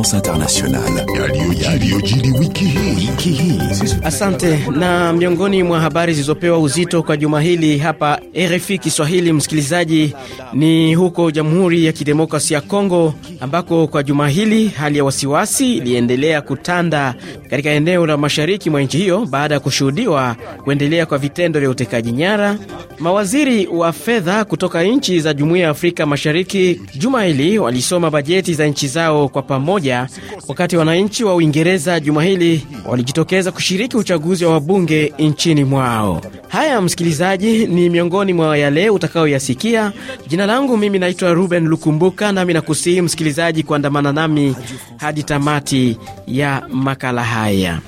France Internationale. Asante. Na miongoni mwa habari zilizopewa uzito kwa juma hili hapa RFI Kiswahili, msikilizaji, ni huko Jamhuri ya Kidemokrasia ya Kongo ambako kwa juma hili hali ya wasiwasi iliendelea kutanda katika eneo la mashariki mwa nchi hiyo baada ya kushuhudiwa kuendelea kwa vitendo vya utekaji nyara. Mawaziri wa fedha kutoka nchi za Jumuiya ya Afrika Mashariki juma hili walisoma bajeti za nchi zao kwa pamoja moja wakati wananchi wa Uingereza juma hili walijitokeza kushiriki uchaguzi wa wabunge nchini mwao. Haya msikilizaji, ni miongoni mwa yale utakaoyasikia Jina langu mimi naitwa Ruben Lukumbuka, nami nakusihi msikilizaji kuandamana nami hadi tamati ya makala haya.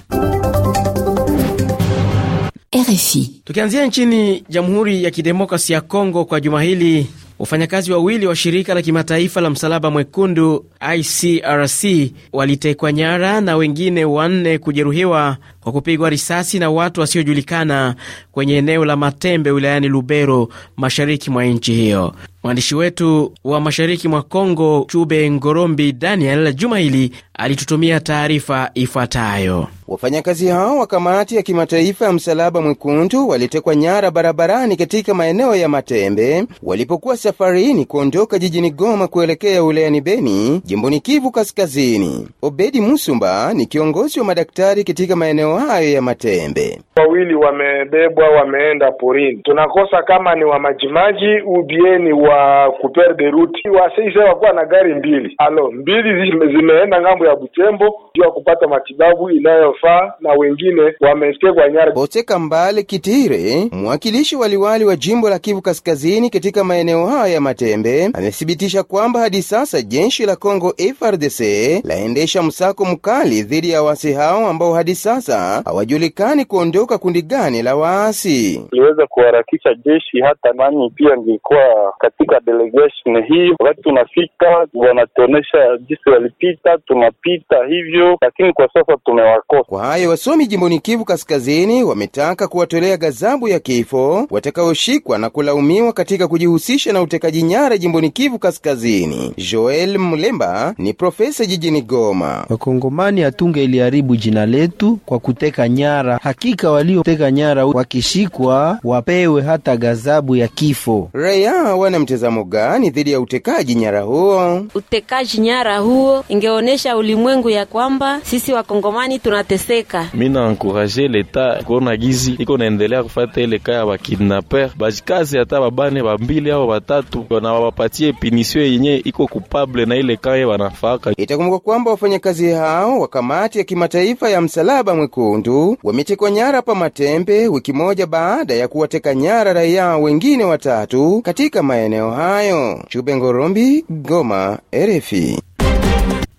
RFI. Tukianzia nchini Jamhuri ya Kidemokrasi ya Kongo kwa juma hili Wafanyakazi wawili wa shirika la kimataifa la msalaba mwekundu ICRC walitekwa nyara na wengine wanne kujeruhiwa kwa kupigwa risasi na watu wasiojulikana kwenye eneo la Matembe wilayani Lubero, mashariki mwa nchi hiyo. Mwandishi wetu wa mashariki mwa Kongo, Chube Ngorombi Daniel juma hili alitutumia taarifa ifuatayo. Wafanyakazi hao wa kamati ya kimataifa ya Msalaba Mwekundu walitekwa nyara barabarani katika maeneo ya Matembe walipokuwa safarini kuondoka jijini Goma kuelekea wilayani Beni, jimboni Kivu Kaskazini. Obedi Musumba ni kiongozi wa madaktari katika maeneo maeneo hayo ya Matembe. Wawili wamebebwa wameenda porini. Tunakosa kama ni wa majimaji ubieni wa kuper de route waseise wakuwa na gari mbili alo mbili zime, zimeenda ngambo ya Butembo juu ya kupata matibabu inayofaa na wengine wamestegwa nyara. Boteka Mbale Kitire, mwakilishi waliwali wa jimbo la Kivu Kaskazini katika maeneo hayo ya Matembe, amethibitisha kwamba hadi sasa jeshi la Kongo FRDC laendesha msako mkali dhidi ya wasi hao ambao hadi sasa hawajulikani kuondoka kundi gani la waasi. Tuliweza kuharakisha jeshi, hata nani pia nilikuwa katika delegation hii. Wakati tunafika wanatuonyesha jinsi walipita, tunapita hivyo, lakini kwa sasa tumewakosa. Kwa hayo, wasomi jimboni Kivu Kaskazini wametaka kuwatolea gazabu ya kifo watakaoshikwa na kulaumiwa katika kujihusisha na utekaji nyara jimboni Kivu Kaskazini. Joel Mlemba ni profesa jijini Goma. Wakongomani hatunge iliharibu jina letu kwa ku kuteka nyara. Hakika walioteka nyara wakishikwa wapewe hata gazabu ya kifo. Raia wana mtazamo gani dhidi ya utekaji nyara huo? Utekaji nyara huo ingeonesha ulimwengu ya kwamba sisi wakongomani tunateseka. Mina ankuraje leta kona gizi iko naendelea kufata ile kaya bakidnaper bajikazi hata babane bambili ao batatu na wapatie pinisio yenye iko kupable na ile kaya wanafaka. Itakumbuka kwamba wafanyakazi hao wa kamati ya kimataifa ya msalaba mweku Wekundu wametekwa nyara pa Matembe wiki moja baada ya kuwateka nyara raia wengine watatu katika maeneo hayo. Chube Ngorombi, Goma, RFI.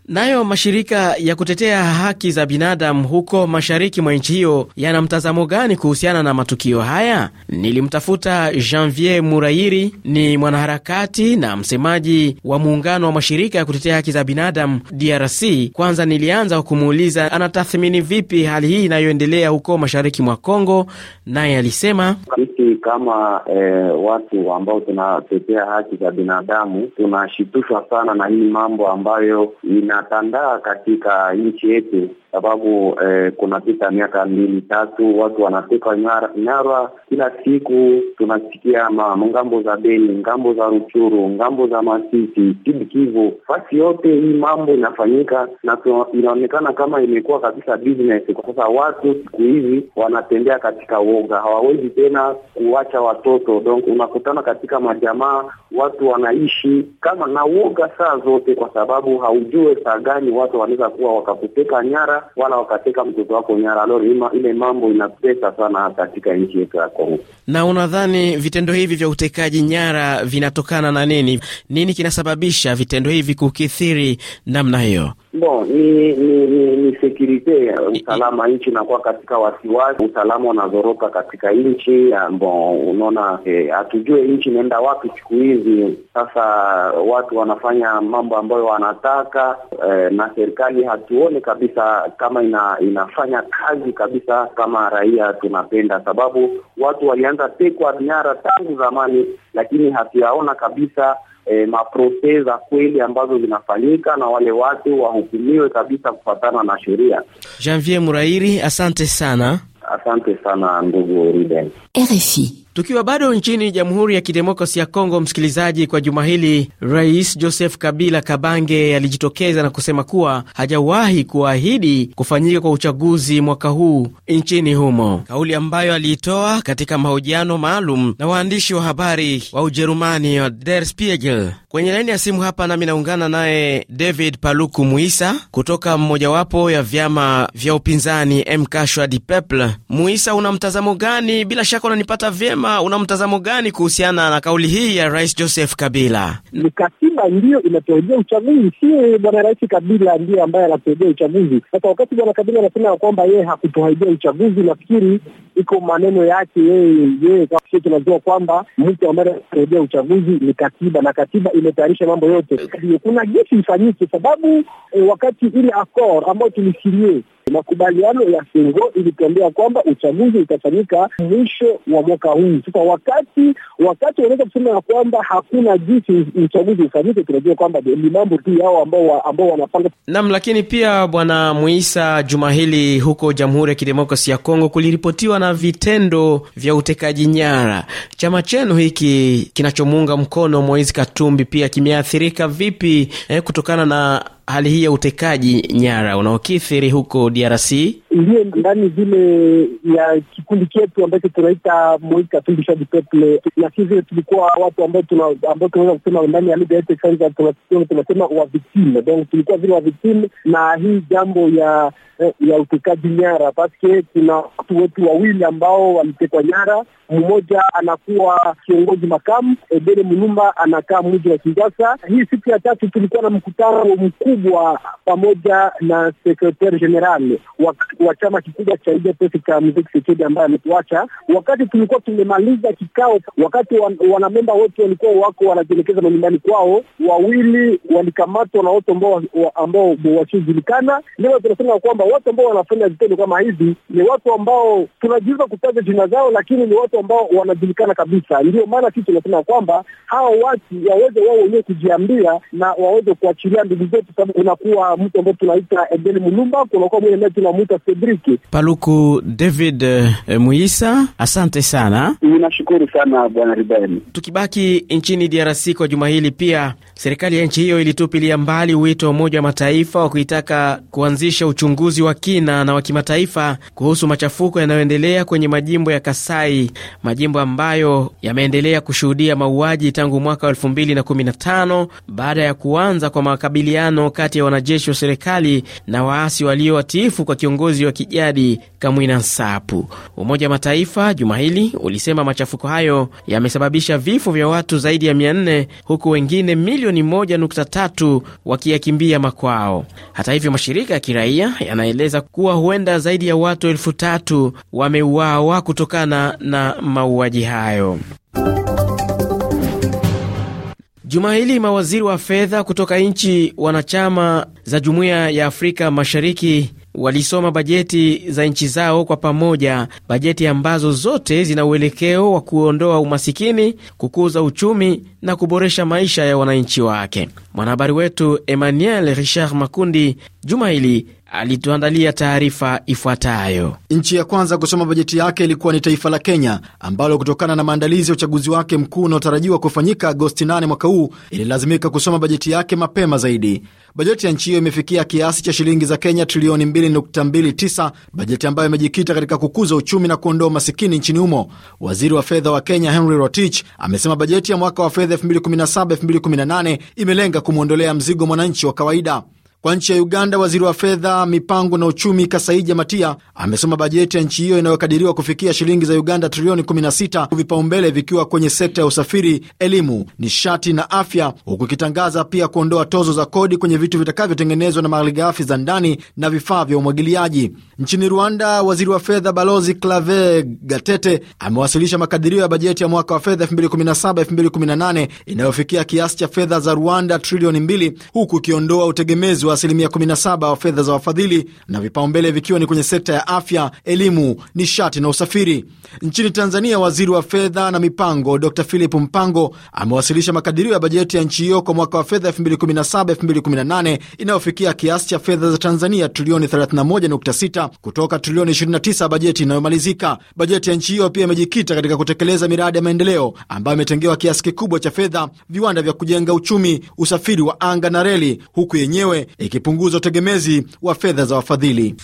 Nayo mashirika ya kutetea haki za binadamu huko mashariki mwa nchi hiyo yana mtazamo gani kuhusiana na matukio haya? Nilimtafuta Janvier murairi ni mwanaharakati na msemaji wa muungano wa mashirika ya kutetea haki za binadamu DRC. Kwanza nilianza kumuuliza anatathmini vipi hali hii inayoendelea huko mashariki mwa Kongo, naye alisema sisi kama eh, watu ambao tunatetea haki za binadamu tunashitushwa sana na hii mambo ambayo ina inatandaa katika nchi yetu, sababu eh, kunapita miaka mbili tatu watu wanateka nyara, kila siku tunasikia ma ngambo za Beni, ngambo za Ruchuru, ngambo za Masisi, Sud Kivu, fasi yote hii mambo inafanyika na inaonekana kama imekuwa kabisa business. Kwa sasa watu siku hizi wanatembea katika woga, hawawezi tena kuwacha watoto donc unakutana katika majamaa watu wanaishi kama na woga saa zote, kwa sababu haujue saa gani watu wanaweza kuwa wakakuteka nyara wala wakateka mtoto wako nyara. Lori ima, ile mambo inapesa sana katika nchi yetu ya Kongo. Na unadhani vitendo hivi vya utekaji nyara vinatokana na nini? Nini kinasababisha vitendo hivi kukithiri namna hiyo? Bon, ni ni ni, ni security usalama nchi inakuwa katika wasiwasi, usalama unazoroka katika nchi. Bon, unaona hatujue eh, nchi inaenda wapi siku hizi. Sasa watu wanafanya mambo ambayo wanataka eh, na serikali hatuone kabisa kama ina, inafanya kazi kabisa kama raia tunapenda, sababu watu walianza tekwa nyara tangu zamani, lakini hatuyaona kabisa e, maprose za kweli ambazo zinafanyika na wale watu wahukumiwe kabisa kufatana na sheria. Janvier Murairi, asante sana. Asante sana ndugu Ruben. RFI Tukiwa bado nchini Jamhuri ya Kidemokrasi ya Kongo, msikilizaji, kwa juma hili Rais Joseph Kabila Kabange alijitokeza na kusema kuwa hajawahi kuahidi kufanyika kwa uchaguzi mwaka huu nchini humo, kauli ambayo aliitoa katika mahojiano maalum na waandishi wa habari wa Ujerumani wa Der Spiegel. Kwenye laini ya simu hapa nami naungana naye David Paluku Muisa kutoka mmojawapo ya vyama vya upinzani MK Shwadi Muisa, una mtazamo gani? Bila shaka unanipata vyema. Una mtazamo gani kuhusiana na kauli hii ya Rais Joseph Kabila? Ni katiba ndiyo inatarajia uchaguzi, si bwana Rais Kabila ndiyo ambaye anatarajia uchaguzi. Sasa wakati bwana Kabila anasema kwamba yeye hakutarajia uchaguzi, nafikiri iko maneno yake yeye yeye, tunajua kwamba mtu ambaye anatarajia uchaguzi ni katiba na katiba imetayarisha mambo yote. Kuna gesi ifanyike sababu eh, wakati ile accord ambayo tulisinyie Makubaliano ya Sengo ilitambia kwamba uchaguzi utafanyika mwisho wa mwaka huu. Sasa wakati wakati wanaweza kusema ya kwamba hakuna jinsi uchaguzi ufanyike, tunajua kwamba ni mambo tu yao ambao ambao wanapanga nam. Lakini pia Bwana Muisa, juma hili huko Jamhuri ya Kidemokrasi ya Kongo kuliripotiwa na vitendo vya utekaji nyara. Chama chenu hiki kinachomuunga mkono Moise Katumbi pia kimeathirika vipi eh, kutokana na hali hii ya utekaji nyara unaokithiri huko DRC? Ndiyo, ndani vile ya kikundi chetu ambacho tunaita Moika Fundishadi Peple, na sisi vile tulikuwa watu ambao tunaweza kusema ndani ya lugha yetu sasa tunasema wavitime, donc tulikuwa vile wavitime na hii jambo ya ya utekaji nyara, paske kuna watu wetu wawili ambao walitekwa nyara. Mmoja anakuwa kiongozi makamu ebere Mulumba, anakaa mji wa Kinshasa. Hii siku ya tatu tulikuwa na mkutano mkuu mkubwa pamoja na sekretari general wa, wa chama kikubwa cha UDPS cha muziki Kisekedi ambaye ametuacha. Wakati tulikuwa tumemaliza kikao, wakati wanamemba wote walikuwa wako wanajielekeza manyumbani kwao, wawili walikamatwa na watu ambao ambao wasiojulikana. Leo tunasema kwamba watu ambao wanafanya vitendo kama hivi ni watu ambao tunajiuza kutaja jina zao, lakini ni watu ambao wanajulikana kabisa. Ndio maana sisi tunasema kwamba hawa watu waweze wao wenyewe kujiambia na waweze kuachilia ndugu zetu sababu kunakuwa mtu ambaye tunaita Edel Mulumba, kunakuwa mwingine ambaye tunamuita Cedric Paluku. David eh, Muisa, asante sana, ninashukuru sana bwana Ribani. Tukibaki nchini DRC kwa juma hili, pia serikali ya nchi hiyo ilitupilia mbali wito wa Umoja wa Mataifa wa kuitaka kuanzisha uchunguzi wa kina na wa kimataifa kuhusu machafuko yanayoendelea kwenye majimbo ya Kasai, majimbo ambayo yameendelea kushuhudia mauaji tangu mwaka 2015 baada ya kuanza kwa makabiliano kati ya wanajeshi wa serikali na waasi walio watiifu kwa kiongozi wa kijadi Kamwina Nsapu. Umoja wa Mataifa juma hili ulisema machafuko hayo yamesababisha vifo vya watu zaidi ya 400 huku wengine milioni 1.3 wakiyakimbia makwao. Hata hivyo, mashirika ya kiraia yanaeleza kuwa huenda zaidi ya watu elfu tatu wameuawa kutokana na mauaji hayo. Juma hili mawaziri wa fedha kutoka nchi wanachama za Jumuiya ya Afrika Mashariki walisoma bajeti za nchi zao kwa pamoja, bajeti ambazo zote zina uelekeo wa kuondoa umasikini, kukuza uchumi na kuboresha maisha ya wananchi wake. Mwanahabari wetu Emmanuel Richard Makundi juma hili alituandalia taarifa ifuatayo. Nchi ya kwanza kusoma bajeti yake ilikuwa ni taifa la Kenya ambalo kutokana na maandalizi ya uchaguzi wake mkuu unaotarajiwa kufanyika Agosti 8 mwaka huu ililazimika kusoma bajeti yake mapema zaidi. Bajeti ya nchi hiyo imefikia kiasi cha shilingi za Kenya trilioni 2.29, bajeti ambayo imejikita katika kukuza uchumi na kuondoa umasikini nchini humo. Waziri wa fedha wa Kenya Henry Rotich amesema bajeti ya mwaka wa fedha 2017/2018 imelenga kumwondolea mzigo mwananchi wa kawaida. Kwa nchi ya Uganda, waziri wa fedha, mipango na uchumi Kasaija Matia amesoma bajeti ya nchi hiyo inayokadiriwa kufikia shilingi za Uganda trilioni 16, vipaumbele vikiwa kwenye sekta ya usafiri, elimu, nishati na afya, huku ikitangaza pia kuondoa tozo za kodi kwenye vitu vitakavyotengenezwa na malighafi za ndani na vifaa vya umwagiliaji. Nchini Rwanda, waziri wa fedha Balozi Clave Gatete amewasilisha makadirio ya bajeti ya mwaka wa fedha 2017/2018 inayofikia kiasi cha fedha za Rwanda trilioni 2 huku ikiondoa utegemezi wa asilimia 17 wa fedha za wafadhili na vipaumbele vikiwa ni kwenye sekta ya afya, elimu, nishati na usafiri. Nchini Tanzania, waziri wa fedha na mipango Dr Philip Mpango amewasilisha makadirio ya bajeti ya nchi hiyo kwa mwaka wa fedha 2017/2018 inayofikia kiasi cha fedha za Tanzania trilioni 31.6 kutoka trilioni 29 bajeti inayomalizika. Bajeti ya nchi hiyo pia imejikita katika kutekeleza miradi ya maendeleo ambayo imetengewa kiasi kikubwa cha fedha, viwanda vya kujenga uchumi, usafiri wa anga na reli, huku yenyewe ikipunguza utegemezi wa fedha za wafadhili.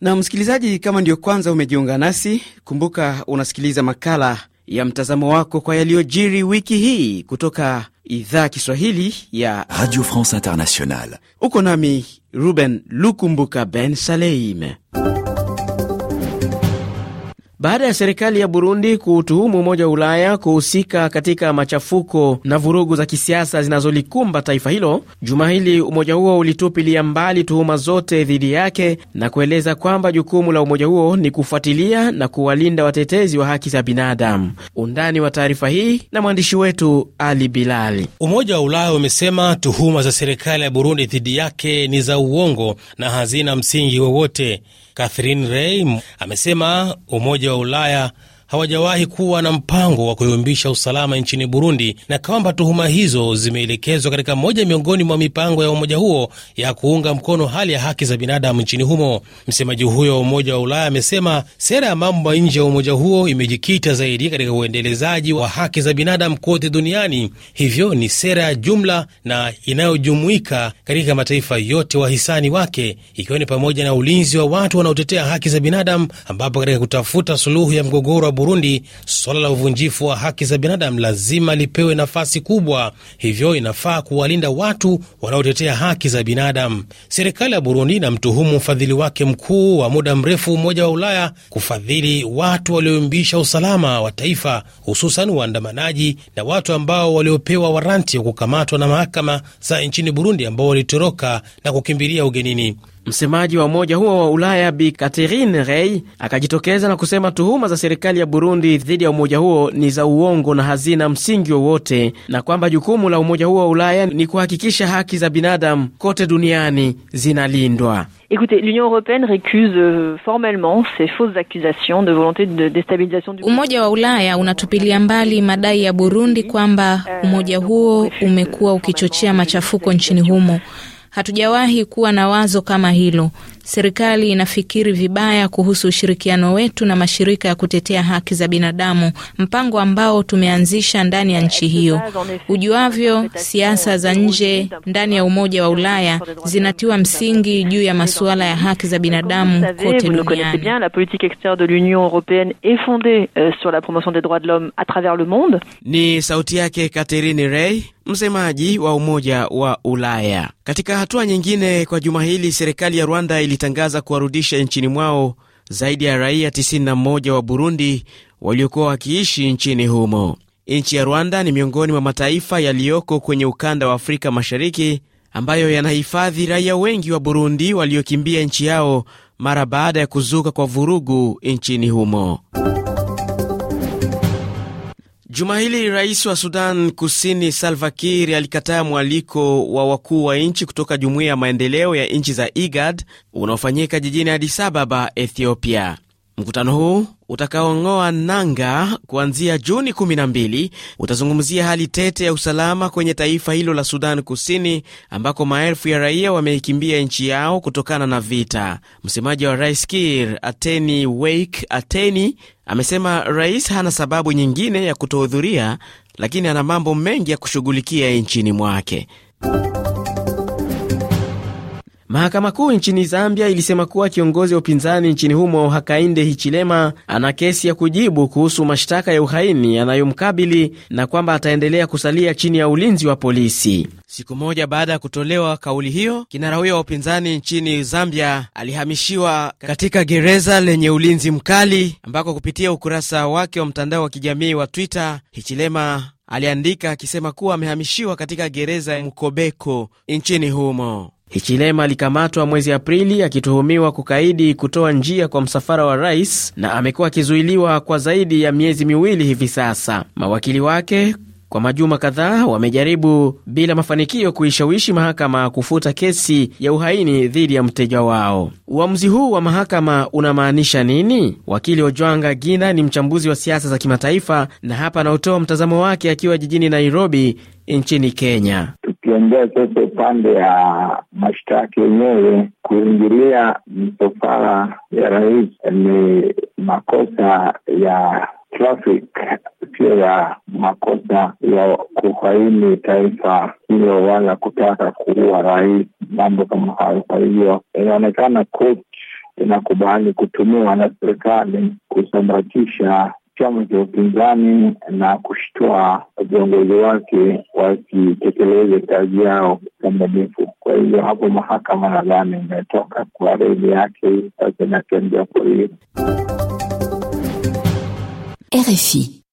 Na msikilizaji, kama ndiyo kwanza umejiunga nasi, kumbuka unasikiliza makala ya mtazamo wako kwa yaliyojiri wiki hii kutoka idhaa Kiswahili ya Radio France Internationale. Uko nami Ruben Lukumbuka Ben Saleim baada ya serikali ya Burundi kuutuhumu Umoja wa Ulaya kuhusika katika machafuko na vurugu za kisiasa zinazolikumba taifa hilo. Juma hili umoja huo ulitupilia mbali tuhuma zote dhidi yake na kueleza kwamba jukumu la umoja huo ni kufuatilia na kuwalinda watetezi wa haki za binadamu. Undani wa taarifa hii na mwandishi wetu Ali Bilali. Umoja wa Ulaya umesema tuhuma za serikali ya Burundi dhidi yake ni za uongo na hazina msingi wowote. Catherine Rey amesema Umoja wa Ulaya hawajawahi kuwa na mpango wa kuyumbisha usalama nchini Burundi na kwamba tuhuma hizo zimeelekezwa katika moja miongoni mwa mipango ya umoja huo ya kuunga mkono hali ya haki za binadamu nchini humo. Msemaji huyo wa Umoja wa Ulaya amesema sera ya mambo ya nje ya umoja huo imejikita zaidi katika uendelezaji wa haki za binadamu kote duniani, hivyo ni sera ya jumla na inayojumuika katika mataifa yote wahisani wake, ikiwa ni pamoja na ulinzi wa watu wanaotetea haki za binadamu, ambapo katika kutafuta suluhu ya mgogoro Burundi, suala la uvunjifu wa haki za binadamu lazima lipewe nafasi kubwa, hivyo inafaa kuwalinda watu wanaotetea haki za binadamu. Serikali ya Burundi inamtuhumu mfadhili wake mkuu wa muda mrefu, Umoja wa Ulaya, kufadhili watu walioimbisha usalama wa taifa, hususan waandamanaji na watu ambao waliopewa waranti wa kukamatwa na mahakama za nchini Burundi, ambao walitoroka na kukimbilia ugenini. Msemaji wa umoja huo wa Ulaya Bi Catherine Rey akajitokeza na kusema tuhuma za serikali ya Burundi dhidi ya umoja huo ni za uongo na hazina msingi wowote, na kwamba jukumu la umoja huo wa Ulaya ni kuhakikisha haki za binadamu kote duniani zinalindwa. Euh, umoja wa Ulaya unatupilia mbali madai ya Burundi kwamba umoja huo umekuwa ukichochea machafuko nchini humo. Hatujawahi kuwa na wazo kama hilo serikali inafikiri vibaya kuhusu ushirikiano wetu na mashirika ya kutetea haki za binadamu, mpango ambao tumeanzisha ndani ya nchi hiyo. Ujuavyo, siasa za nje ndani ya Umoja wa Ulaya zinatiwa msingi juu ya masuala ya haki za binadamu kote duniani. Euh, Ni sauti yake Catherine Rey, msemaji wa Umoja wa Ulaya. Katika hatua nyingine, kwa juma hili serikali ya Rwanda ili ilitangaza kuwarudisha nchini mwao zaidi ya raia 91 wa Burundi waliokuwa wakiishi nchini humo. Nchi ya Rwanda ni miongoni mwa mataifa yaliyoko kwenye ukanda wa Afrika Mashariki ambayo yanahifadhi raia wengi wa Burundi waliokimbia nchi yao mara baada ya kuzuka kwa vurugu nchini humo. Juma hili rais wa Sudan Kusini Salva Kiir alikataa mwaliko wa wakuu wa nchi kutoka jumuiya ya maendeleo ya nchi za IGAD unaofanyika jijini Addis Ababa, Ethiopia. Mkutano huu utakaong'oa nanga kuanzia Juni 12 utazungumzia hali tete ya usalama kwenye taifa hilo la Sudan Kusini, ambako maelfu ya raia wameikimbia nchi yao kutokana na vita. Msemaji wa rais Kiir Ateni Wake Ateni Amesema rais hana sababu nyingine ya kutohudhuria, lakini ana mambo mengi ya kushughulikia nchini mwake. Mahakama Kuu nchini Zambia ilisema kuwa kiongozi wa upinzani nchini humo Hakainde Hichilema ana kesi ya kujibu kuhusu mashtaka ya uhaini yanayomkabili na kwamba ataendelea kusalia chini ya ulinzi wa polisi. Siku moja baada ya kutolewa kauli hiyo, kinara huyo wa upinzani nchini Zambia alihamishiwa katika gereza lenye ulinzi mkali, ambako kupitia ukurasa wake wa mtandao wa kijamii wa Twitter Hichilema aliandika akisema kuwa amehamishiwa katika gereza ya Mkobeko nchini humo. Hichilema alikamatwa mwezi Aprili akituhumiwa kukaidi kutoa njia kwa msafara wa rais na amekuwa akizuiliwa kwa zaidi ya miezi miwili hivi sasa. Mawakili wake kwa majuma kadhaa wamejaribu bila mafanikio kuishawishi mahakama kufuta kesi ya uhaini dhidi ya mteja wao. Uamuzi huu wa mahakama unamaanisha nini? Wakili Ojwanga Gina ni mchambuzi wa siasa za kimataifa na hapa anaotoa mtazamo wake akiwa jijini Nairobi nchini Kenya. Tukiongea sasa upande ya mashtaki yenyewe, kuingilia misafara ya rais ni makosa ya traffic, sio ya makosa ya kuhaini taifa hilo wala kutaka kuua rais, mambo kama hayo. Kwa hivyo inaonekana inakubali kutumiwa na serikali kusambatisha chama cha upinzani na kushtua viongozi wake wasitekeleze kazi yao kikamilifu. Kwa hivyo hapo mahakama nadhani imetoka kwa reli yake, sasa inatembea kwa hiyo RFI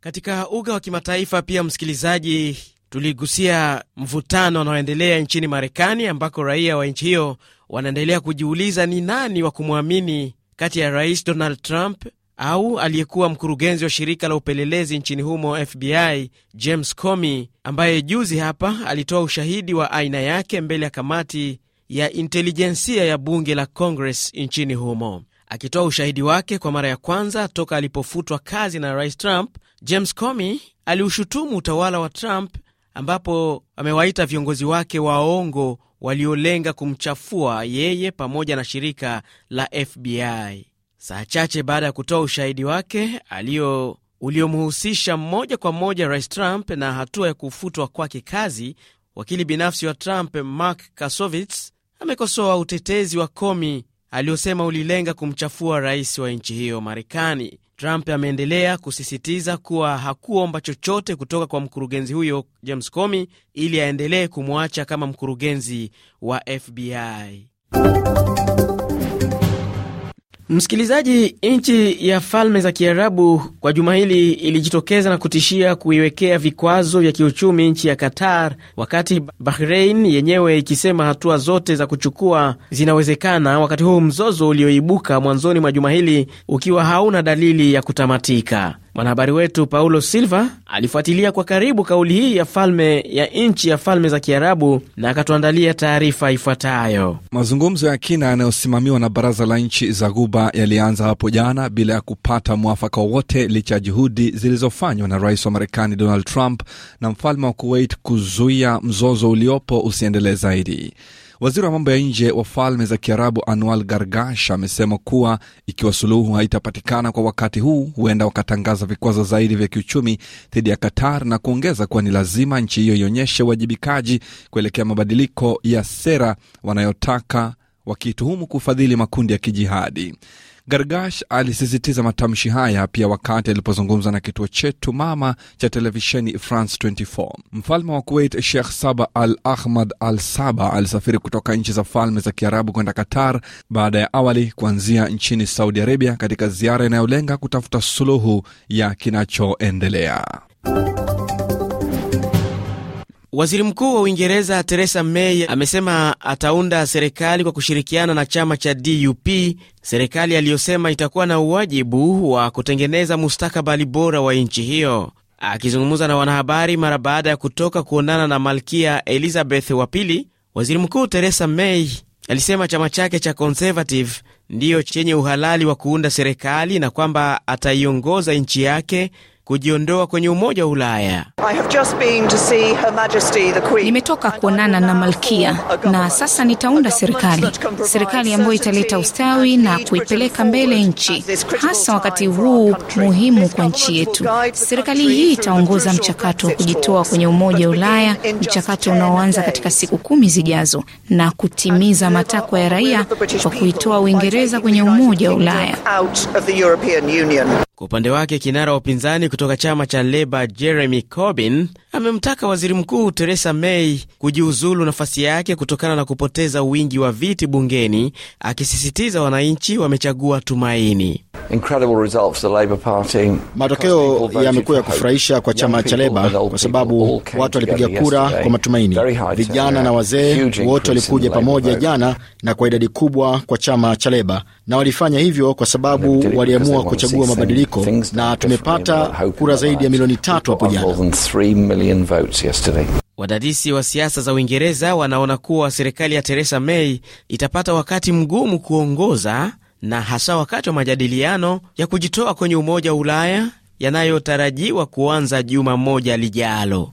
katika uga wa kimataifa. Pia msikilizaji, tuligusia mvutano unaoendelea nchini Marekani ambako raia wa nchi hiyo wanaendelea kujiuliza ni nani wa kumwamini kati ya Rais Donald Trump au aliyekuwa mkurugenzi wa shirika la upelelezi nchini humo FBI James Comey, ambaye juzi hapa alitoa ushahidi wa aina yake mbele ya kamati ya intelijensia ya bunge la Congress nchini humo. Akitoa ushahidi wake kwa mara ya kwanza toka alipofutwa kazi na Rais Trump, James Comey aliushutumu utawala wa Trump, ambapo amewaita viongozi wake waongo waliolenga kumchafua yeye pamoja na shirika la FBI saa chache baada ya kutoa ushahidi wake alio uliomhusisha moja kwa moja rais Trump na hatua ya kufutwa kwake kazi. Wakili binafsi wa Trump Mark Kasovitz amekosoa utetezi wa Komi aliosema ulilenga kumchafua rais wa nchi hiyo Marekani. Trump ameendelea kusisitiza kuwa hakuomba chochote kutoka kwa mkurugenzi huyo James Comey ili aendelee kumwacha kama mkurugenzi wa FBI. Msikilizaji, nchi ya Falme za Kiarabu kwa juma hili ilijitokeza na kutishia kuiwekea vikwazo vya kiuchumi nchi ya Qatar, wakati bahrein yenyewe ikisema hatua zote za kuchukua zinawezekana, wakati huu mzozo ulioibuka mwanzoni mwa juma hili ukiwa hauna dalili ya kutamatika. Mwanahabari wetu Paulo Silva alifuatilia kwa karibu kauli hii ya falme ya nchi ya falme za Kiarabu na akatuandalia taarifa ifuatayo. Mazungumzo ya kina yanayosimamiwa na baraza la nchi za Guba yalianza hapo jana bila ya kupata mwafaka wowote, licha ya juhudi zilizofanywa na rais wa Marekani Donald Trump na mfalme wa Kuwait kuzuia mzozo uliopo usiendelee zaidi. Waziri wa mambo ya nje wa Falme za Kiarabu Anwar Gargash amesema kuwa ikiwa suluhu haitapatikana kwa wakati huu, huenda wakatangaza vikwazo zaidi vya kiuchumi dhidi ya Qatar na kuongeza kuwa ni lazima nchi hiyo ionyeshe uwajibikaji kuelekea mabadiliko ya sera wanayotaka wakituhumu kufadhili makundi ya kijihadi. Gargash alisisitiza matamshi haya pia wakati alipozungumza na kituo chetu mama cha televisheni France 24. Mfalme wa Kuwait Sheikh Saba Al Ahmad Al Saba alisafiri kutoka nchi za Falme za Kiarabu kwenda Qatar baada ya awali kuanzia nchini Saudi Arabia katika ziara inayolenga kutafuta suluhu ya kinachoendelea. Waziri Mkuu wa Uingereza Theresa May amesema ataunda serikali kwa kushirikiana na chama cha DUP, serikali aliyosema itakuwa na uwajibu wa kutengeneza mustakabali bora wa nchi hiyo. Akizungumza na wanahabari mara baada ya kutoka kuonana na Malkia Elizabeth wa Pili, Waziri Mkuu Theresa May alisema chama chake cha Conservative ndiyo chenye uhalali wa kuunda serikali na kwamba ataiongoza nchi yake kujiondoa kwenye Umoja wa Ulaya. Nimetoka kuonana na malkia na sasa nitaunda serikali, serikali ambayo italeta ustawi na kuipeleka mbele nchi, hasa wakati huu muhimu kwa nchi yetu. Serikali hii itaongoza mchakato wa kujitoa kwenye Umoja wa Ulaya, mchakato unaoanza katika siku kumi zijazo, na kutimiza matakwa ya raia kwa kuitoa Uingereza kwenye Umoja wa Ulaya. Kwa upande wake kinara wa upinzani kutoka chama cha Leba Jeremy Corbyn amemtaka waziri mkuu Theresa May kujiuzulu nafasi yake kutokana na kupoteza wingi wa viti bungeni, akisisitiza wananchi wamechagua tumaini. Matokeo yamekuwa ya kufurahisha kwa chama cha Leba kwa sababu watu walipiga kura kwa matumaini. Vijana na wazee wote walikuja pamoja jana na kwa idadi kubwa kwa chama cha Leba, na walifanya hivyo kwa sababu waliamua kuchagua mabadiliko mabadiliko na tumepata kura zaidi ya milioni tatu hapo jana. Wadadisi wa siasa za Uingereza wanaona kuwa serikali ya Theresa May itapata wakati mgumu kuongoza na hasa wakati wa majadiliano ya kujitoa kwenye Umoja wa Ulaya yanayotarajiwa kuanza juma moja lijalo.